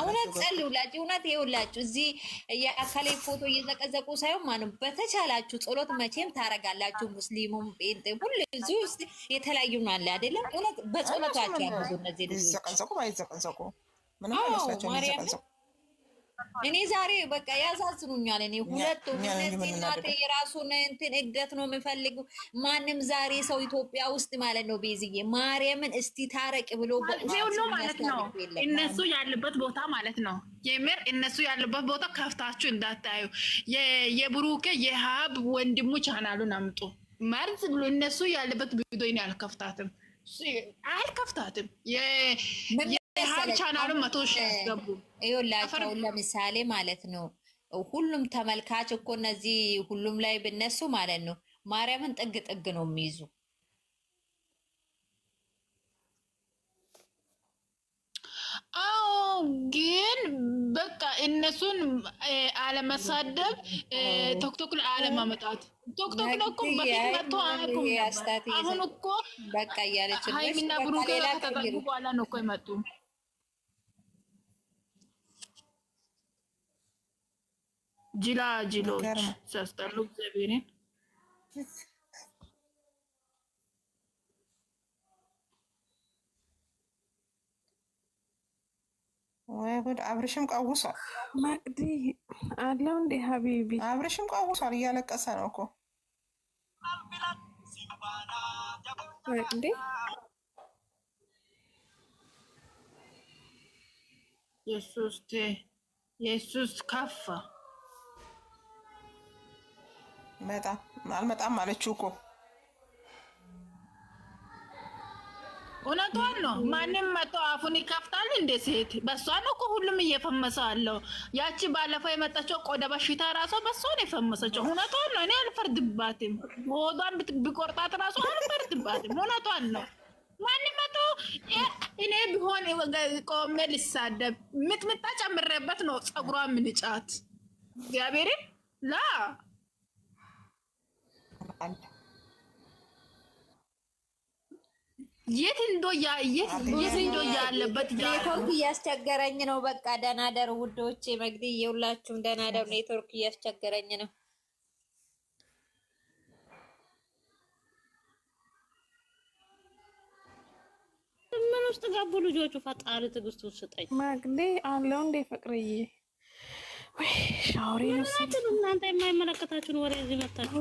እውነት ጸልዩላችሁ። እውነት ይኸውላችሁ እዚህ የአካላዊ ፎቶ እየዘቀዘቁ ሳይሆን ማንም በተቻላችሁ ጸሎት መቼም ታረጋላችሁ። ሙስሊሙም ጴንጤ ሁሉ ብዙ ውስጥ የተለያዩ ነው አለ አይደለም። እውነት በጸሎታችሁ ያብዙ እነዚህ ልጆች ማየት ባይዘቀዘቁ ምንም አይመስላቸው አይመስላቸውም። እኔ ዛሬ በቃ ያሳዝኑኛል። እኔ ሁለቱ እናቴ የራሱን እንትን እድገት ነው የምፈልጉ። ማንም ዛሬ ሰው ኢትዮጵያ ውስጥ ማለት ነው ቤዝዬ ማርያምን እስቲ ታረቅ ብሎ ሁሉ ማለት ነው እነሱ ያሉበት ቦታ ማለት ነው። የምር እነሱ ያሉበት ቦታ ከፍታችሁ እንዳታዩ። የብሩኬ የሀብ ወንድሙ ቻናሉን አምጡ መርዝ ብሎ እነሱ ያለበት ቪዲዮ አልከፍታትም፣ አልከፍታትም ሀብ ቻናሉን መቶ ሺ ያስገቡ ይኸውላቸው። ለምሳሌ ማለት ነው ሁሉም ተመልካች እኮ እነዚህ ሁሉም ላይ ብነሱ ማለት ነው ማርያምን ጥግ ጥግ ነው የሚይዙ። አዎ ግን በቃ እነሱን አለመሳደብ፣ ቶክቶክን አለማመጣት። ቶክቶክ ነው እኮ በፊት መጥቶ አያውቁም። አሁን እኮ ሀይሚና ብሩኬ ከተጠጉ በኋላ ነው እኮ የመጡ ጅላ ጅሎች ሲያስጠሉ እግዚአብሔርን ወይ ጉድ! አብርሽም ቀውሷል። ማቅዲ አለው እንዴ ሀቢቢ አብርሽም ቀውሷል። እያለቀሰ ነው እኮ ማቅዲ የሱስ የሱስ ካፋ በጣም አልመጣም አለችው እኮ እውነቷን ነው። ማንም መቶ አፉን ይከፍታል እንደ ሴት በሷ ነው እኮ ሁሉም እየፈመሰ አለው። ያቺ ባለፈው የመጣቸው ቆዳ በሽታ ራሷ በሷ ነው የፈመሰችው። እውነቷን ነው። እኔ አልፈርድባትም። ሆዷን ቢቆርጣት ራሷ አልፈርድባትም። እውነቷን ነው። ማንም መቶ እኔ ቢሆን ቆሜ ልሳደብ ምጥምጣ ጨምሬበት ነው ጸጉሯ ምንጫት እግዚአብሔርን ላ አንተ የት እንዶ የት እንዶ ያለበት ኔትወርክ እያስቸገረኝ ነው። በቃ ደናደር ውዶቼ፣ መግዲ የሁላችሁም ደናደር። ኔትወርክ እያስቸገረኝ ነው። ምን ውስጥ ገቡ ልጆቹ? ፈጣሪ ትዕግስቱን ስጠኝ። መግዲ አለው እንዴ ፍቅርዬ እናንተ የማይመለከታችሁን ወሬ እዚህ መታችሁ።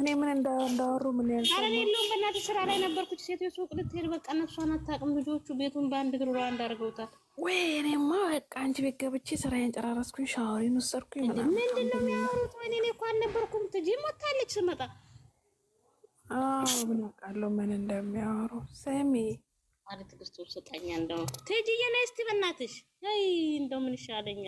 እኔ ምን እንዳወሩ ምን በእናትህ ስራ ላይ ነበርኩት። ሴትዮ ሱቅ ልትሄድ በቃ ነፍሷን አታውቅም። ልጆቹ ቤቱን በአንድ እግር አንድ አድርገውታል። ወይ እኔማ በቃ አንቺ ቤት ገብቼ ስራዬን ምንድን ነው የሚያወሩት? ወይኔ እኔ እኮ አልነበርኩም። ትጂ ሞታለች ስመጣ። አዎ ምን አውቃለሁ ምን እንደሚያወሩ። እንደው ትጂ እስቲ በእናትሽ ይ እንደው ምን ይሻለኛል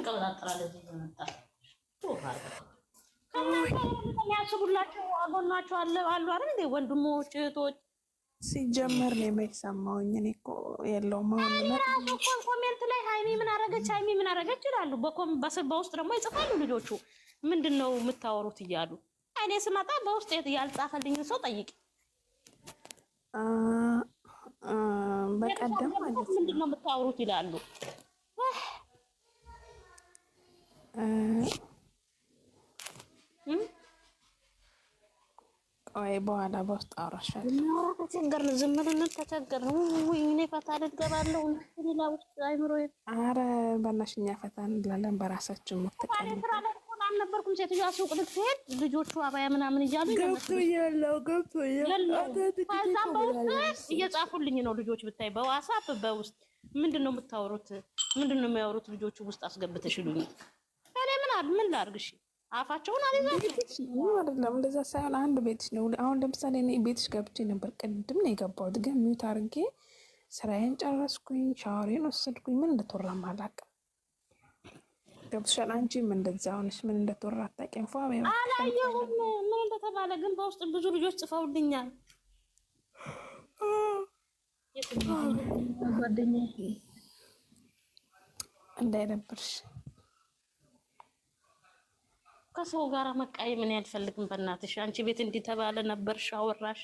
ይቀበጣጠራል። እዚህ መጣ የሚያስቡላቸው አጎናቸው አለ አሉ አይደል እንዴ? ወንድሞች እህቶች ሲጀመር ነው የማይሰማውኝ። እኔ እኮ የለውም። አሁን ራሱ እኮ ኮሜንት ላይ ሀይሚ ምን አረገች፣ ሀይሚ ምን አረገች ይላሉ። በውስጥ ደግሞ ይጽፋሉ ልጆቹ ምንድን ነው የምታወሩት እያሉ። እኔ ስመጣ በውስጥ ያልጻፈልኝ ሰው ጠይቅ። በቀደም ምንድን ነው የምታወሩት ይላሉ ቆይ በኋላ በውስጥ አውራሻለሁ። ተቸገርን፣ ዝም ብለን ተቸገርን። እኔ ፈታ ልትገባለሁ ሌላ ውስጥ አይምሮ አረ በእናትሽ እኛ ፈታ እንላለን። በራሳችን አልነበርኩም። ሴትዮዋ ሱቅ ልትሄድ ልጆቹ አባያ ምናምን እያሉ ከዛም በውስጥ እየጻፉልኝ ነው ልጆች ብታይ፣ በዋሳፕ በውስጥ ምንድን ነው የምታወሩት? ምንድን ነው የሚያወሩት ልጆቹ ውስጥ አስገብተሽ ምን ላርግሽ? አፋቸውን አይደለም እንደዛ ሳይሆን አንድ ቤትሽ ነው። አሁን ለምሳሌ እኔ ቤትሽ ገብቼ ነበር፣ ቅድም ነው የገባሁት፣ ግን ሚውት አድርጌ ስራዬን ጨረስኩኝ፣ ሻወሬን ወሰድኩኝ። ምን እንደተወራ አላውቅም። ገብቶሻል? አንቺም እንደዛ ሆነሽ ምን እንደተወራ አታውቂም። ፏ አላየሁም ምን እንደተባለ፣ ግን በውስጥ ብዙ ልጆች ጽፈውልኛል። ጓደኛ እንዳይደብርሽ ከሰው ጋር መቃየም እኔ አልፈልግም። በእናትሽ አንቺ ቤት እንዲህ ተባለ ነበር ሻወራሽ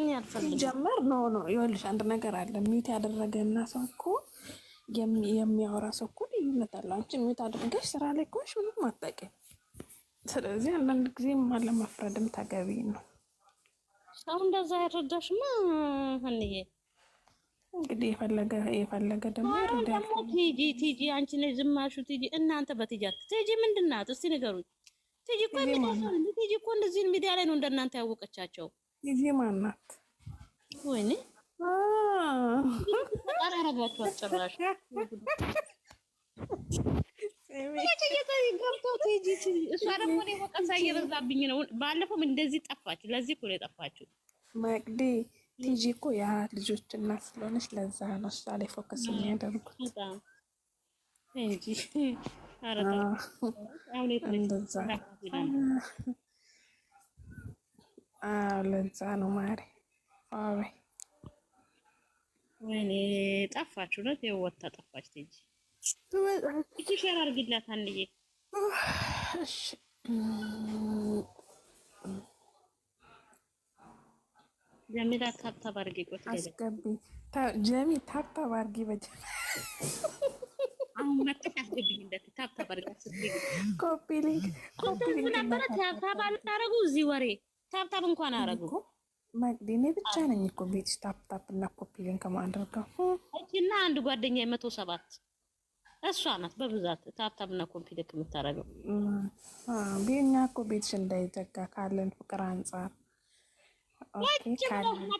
እኔ አልፈልግም። ጀመር ነው ነው ይኸውልሽ፣ አንድ ነገር አለ። ሚት ያደረገ እና ሰው እኮ የሚያወራ ሰው እኮ ልዩነት አለ። አንቺ ሚት አድርገሽ ስራ ላይ ከሆንሽ ምንም አታውቂም። ስለዚህ አንዳንድ ጊዜ አለመፍረድም ተገቢ ነው። ሰው እንደዛ አይረዳሽማ እንዬ እንግዲህ የፈለገ የፈለገ ደግሞ ደግሞ ቲጂ ቲጂ አንቺ ነሽ ዝማሹ ቲጂ። እናንተ በትጃት ቲጂ ምንድን ናት እስቲ ንገሩኝ። ቲጂ እኮ ቲጂ እኮ እንደዚህ ሚዲያ ላይ ነው እንደናንተ ያወቀቻቸው። ቲጂ ማን ናት? ወይኔ ጣራ ያረጋችሁ ገብቶ ቲጂ እሷ ደግሞ ወቀሳ እየበዛብኝ ነው። ባለፈውም እንደዚህ ጠፋችሁ። ለዚህ እኮ ነው የጠፋችሁ መቅዲ ልጅ እኮ የአራት ልጆች እናት ስለሆነች ለዛ ነው እሷ ላይ ፎከስ የሚያደርጉት። ለዛ ነው ማሪ አበይ ጠፋች። እውነት የወታ ጠፋች። ልጅ ሸር አድርጊላት አንዬ እሺ ጀሚላ ታብታብ አድርጌ ቆት አስገቢ። ጀሚ ታብታብ አድርጌ በጀ አሁን እንደት ታብታብ አድርጌ ኮፒ ሊንክ ኮፒ ሊንክ ነበረ። ታብታብ አላረጉ እዚህ ወሬ ታብታብ እንኳን አረጉ። ብቻ ነኝ እኮ ቤትሽ ታብታብ እና ኮፒ ሊንክ ማድረገው እና አንድ ጓደኛ የመቶ ሰባት እሷ ናት በብዛት ታብታብ እና ኮፒ ሊንክ የምታረገው። ቢኛ እኮ ቤትሽ እንዳይዘጋ ካለን ፍቅር አንጻር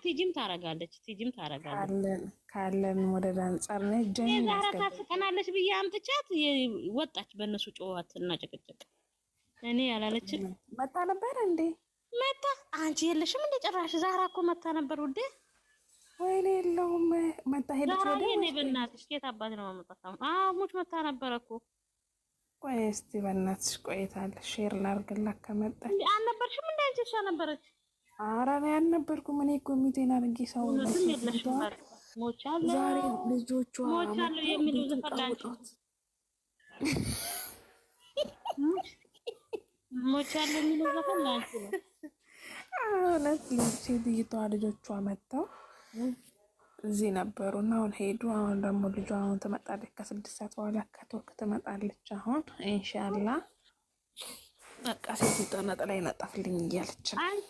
ቲጂም ታረጋለች ቲጂም ታረጋለች። ካለን ወደ ነ ታስቀናለች ብዬ አምጥቻት ወጣች። በእነሱ ጨዋት እና ጭቅጭቅ እኔ ነበር እንዴ አንቺ የለሽም እንደ ጭራሽ። ዛራ እኮ መታ ነበር ውዴ። ወይኔ የለውም ሄደች። ወደ በእናትሽ ኬት አባት ነው ሙች መታ እኮ ቆይ እስቲ በእናትሽ ቆይታለሽ። ሼር ላርግላት ከመጣች አልነበርሽም እንደ አንቺ እሷ ነበረች ኧረ እኔ አልነበርኩም። እኔ እኮ ሚቴን አድርጌ ሰው ዛሬ ልጆቿ እውነት ሴትዮዋ ልጆቿ መጥተው እዚህ ነበሩ እና አሁን ሄዱ። አሁን ደግሞ ልጇ አሁን ትመጣለች። ከስድስት ሰዓት በኋላ ከቶክ ትመጣለች። አሁን ኢንሻላህ በቃ ሴት ነጠላ ይነጠፍልኝ እያለች አንቺ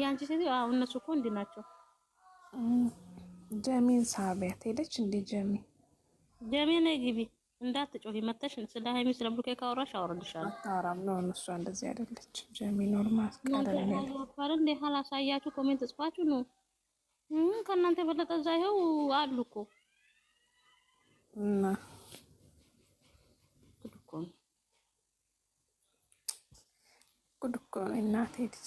የአንቺ ሴት አሁን እነሱ እኮ እንዲ ናቸው። ጀሚን ሳቢያት ሄደች እንዴ? ጀሚ ጀሚን ግቢ እንዳትጮሂ መተሽ ስለ ሀይሚ ስለ ብሩኬ ካወራሽ አወርድሻለሁ። አራም ነው እነሱ እንደዚህ አይደለች። ጀሚ ኖርማል ቀደም ያለ እንደ ኮሜንት ጽፋችሁ ነው ከእናንተ የበለጠ እዛ ይኸው አሉ እኮ እና ጉድ እኮ ነው እናቴ ልጅ።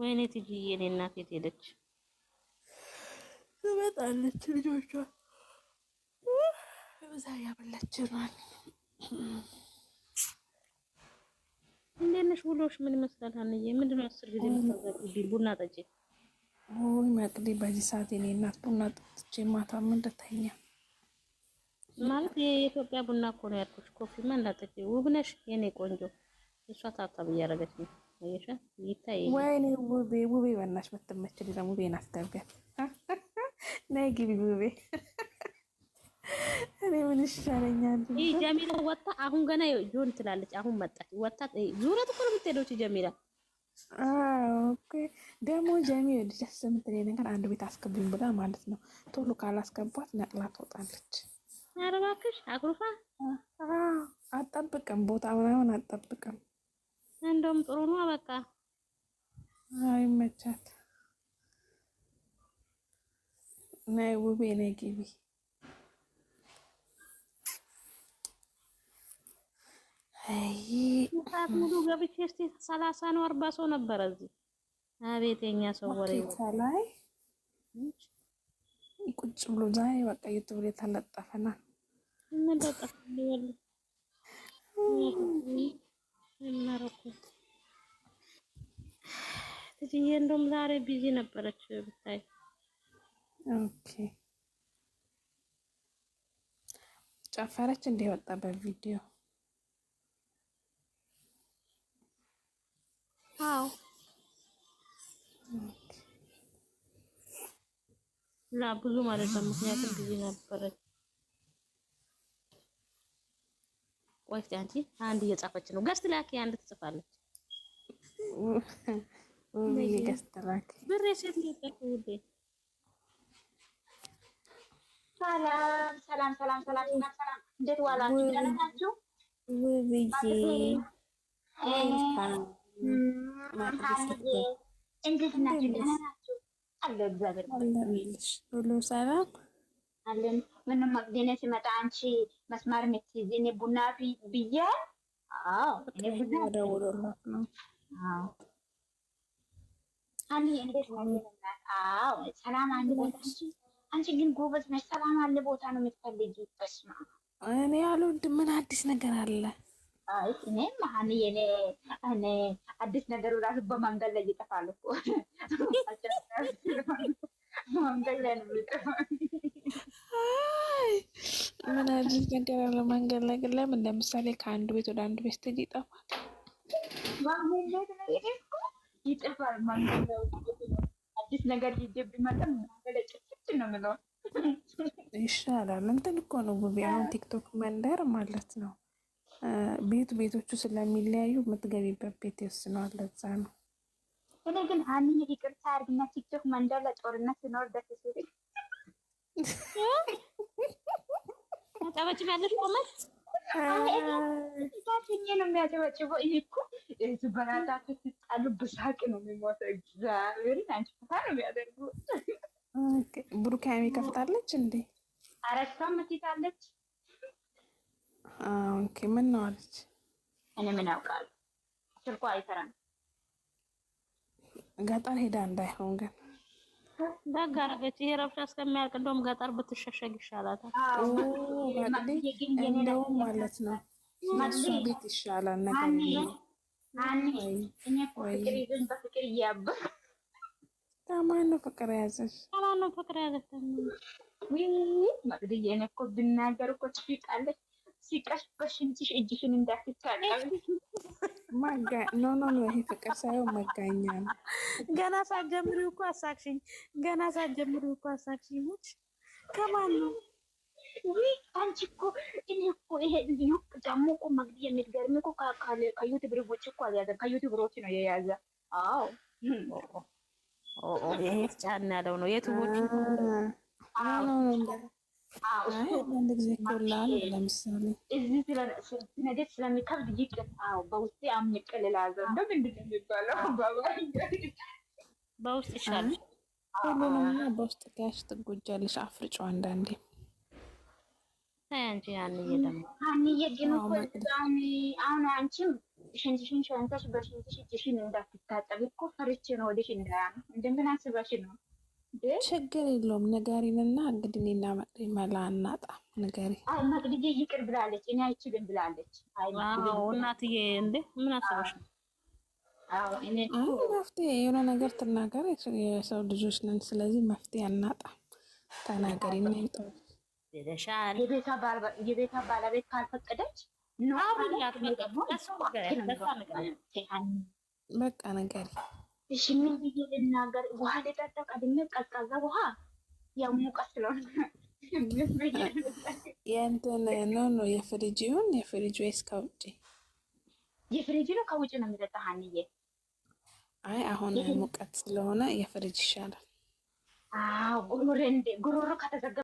ወይኔ ትጂዬ፣ እኔ እናቴ የት ትመጣለች። ልጆቿ እዛ ያበላች ነዋል። እንዴት ነሽ? ውሎሽ ምን ይመስላል? አንዬ ምንድን ነው አስር ጊዜ የምታዘርብኝ? ቡና ጠጪ። ውይ መቅዲ፣ በዚህ ሰዓት የኔ እናት ቡና ጠጥቼ ማታም እንደተኛ ማለት የኢትዮጵያ ቡና እኮ ነው ያልኩሽ። ኮፊማ እንዳጠጪ ውብነሽ የኔ ቆንጆ። እሷ ታብታብ እያደረገች ነው አየሻ፣ ይታይ። ወይኔ ውቤ ውቤ፣ በእናትሽ የምትመችል ደግሞ ውቤ ናፍታብያ። ነይ ግቢ ውቤ። እኔ ምን ይሻለኛል? ይህ ጀሚላ ወጣ። አሁን ገና ጆን ትላለች። አሁን መጣች ወጣ። ዙረት እኮ ነው የምትሄደው ጀሚላ ደግሞ ጀሚ ደስ የምትለኝ ነገር አንድ ቤት አስገቡኝ ብላ ማለት ነው። ቶሎ ካላስገቧት ነቅላ ትወጣለች። ኧረ እባክሽ አኩርፋ አጠብቅም ቦታ ምናምን አጠብቅም። እንደውም ጥሩ ነው። በቃ አይመቻት ናይ ውቤ ናይ ግቢ ሰዓት ሙሉ ገብቼ እስኪ ሰላሳ ነው አርባ ሰው ነበረ እዚህ። አቤት የኛ ሰው ወሬ ላይ ቁጭ ብሎ ዛሬ በቃ ዩቱብ የተለጠፈና እትዬ እንደውም ዛሬ ቢዚ ነበረች ብታይ። ኦኬ ጨፈረች እንደ ወጣ በቪዲዮ አዎ እና ብዙ ማለት ነው። ምክንያቱም ጊዜ ነበረች። ቆይ አንቺ አንድ እየጻፈች ነው። ገስት ላኪ አንድ ትጽፋለች። ብሬ ሴት ሰላም ሰላም ሰላም ሰላም ሰላም፣ እንዴት ዋላችሁ? ደህና ናችሁ? እንዴት ናችሁ? ደህና ናችሁ? አለ እግዚአብሔር ሁሉ ሰላም አለን። መስማር መቅደኔ ሲመጣ አንቺ መስመር የምትይዝ እኔ ቡና ብዬ ሰላም አንድ አንቺ ግን ጎበዝ ነሽ። ሰላም አለ ቦታ ነው የምትፈልጊ። በስመ እኔ ያሉ ምን አዲስ ነገር አለ? አይ እኔም አሁን የኔ እኔ አዲስ ነገሩ ራሱ በመንገድ ላይ ይጠፋል እኮ መንገድ ላይ ነው ምን አዲስ ነገር አለ መንገድ ላይ ግን? ለምን ለምሳሌ ከአንድ ቤት ወደ አንዱ ቤት ስትሄጂ ይጠፋል። ላይ ይጠፋል። መንገድ ላይ አዲስ ነገር መንገድ ላይ ነው የምለው ይሻላል። እንትን እኮ ነው አሁን ቲክቶክ መንደር ማለት ነው ቤቱ ቤቶቹ ስለሚለያዩ የምትገቢበት ቤት ይወስነዋል። ለዛ ነው እኔ ግን ሀኒዬ ይቅርታ አድርግና ቲክቶክ መንደር ለጦርነት ሲኖር ደስ ሲል ታጨበጭባለሽ ቆመት ዛትኜ ነው የሚያጨበጭበው። ይሄ እኮ በራሳት ሲጣሉ ብሳቅ ነው የሚሞተ እግዚአብሔርን አንቺ ነው የሚያደርጉ ብሩካሚ ከፍታለች እንዴ አረሷ መትታለች ኦኬ ምን ነው አለች። እኔ ምን ያውቃል ስልኳ አይሰራም። ገጠር ሄዳ እንዳይሆን ግን ደግ አደረገች። ይሄ ረብሻ እስከሚያልቅ እንደውም ገጠር ብትሸሸግ ይሻላታል። እንደውም ማለት ነው እሱ ቤት ይሻላል ነገር በፍቅር ከማን ነው ፍቅር ያዘች? ከማን ነው ፍቅር ያዘች? መቅድዬ እኔ እኮ ብናገር እኮ ትፊቃለች ሲቀሽ በሽንትሽ እጅሽን እንዳትታጠቢ። ኖ ኖ ኖ፣ ይሄ ፍቅር ሳይሆን መጋኛ ነው። ገና ሳትጀምሪው እኮ አሳቅሽኝ። ገና ሳትጀምሪው እኮ አሳቅሽኝ። ሙች ከማን ነው? አንቺ እኮ እኔ እኮ ይሄ ዩክ ደግሞ እኮ መግድ የሚገርም እኮ ከዩቲዩብ ውጭ እኮ አልያዘም። ከዩቲዩብ ሮች ነው የያዘ። አዎ ይሄ ጫና ያለው ነው የቱቦች ለምሳሌ ስለሚከብድ ይቅርታ በውስጤ አምቄ ሌላ ነው የሚባለው? በውስጥ ይሻል ሁሉንና በውስጥ ጋሽ ትጎጃለሽ። አፍርጮ አንዳንዴ አንቺ አንዬ ደግሞ አንዬ ግን እኮ አሁን አንቺም ሽንትሽን ሸንተሽ በሽንትሽ እጅሽን እንዳትታጠብ እኮ ፈርቼ ነው ወደሽ እንዳያ እንደምን አስበሽ ነው ችግር የለውም። ንገሪንና እንግዲህ እኔና መቅዲ መላ እናጣ ንገሪ። መቅዲዬ ይቅር ብላለች፣ እኔ አይችልም ብላለች። እናትዬ እንዴ ምን አስበሽ ነው? መፍትሄ የሆነ ነገር ትናገር። የሰው ልጆች ነን፣ ስለዚህ መፍትሄ አናጣ። ተናገሪ እና ይጠው ባለቤት ካልፈቀደች በቃ ነገር እሺ ምን ብዬ ልናገር? ውሃ ልጠጣ? ቀድሜ ቀዝቃዛ ውሃ ያው ሙቀት ስለሆነ የእንትን ኖ ኖ የፍሪጅ ይሁን የፍሪጅ ወይስ ከውጭ? የፍሪጅ ነው ከውጭ ነው የሚጠጣ ሀንዬ። አይ አሁን ሙቀት ስለሆነ የፍሪጅ ይሻላል። ጉሮሮ ከተዘገ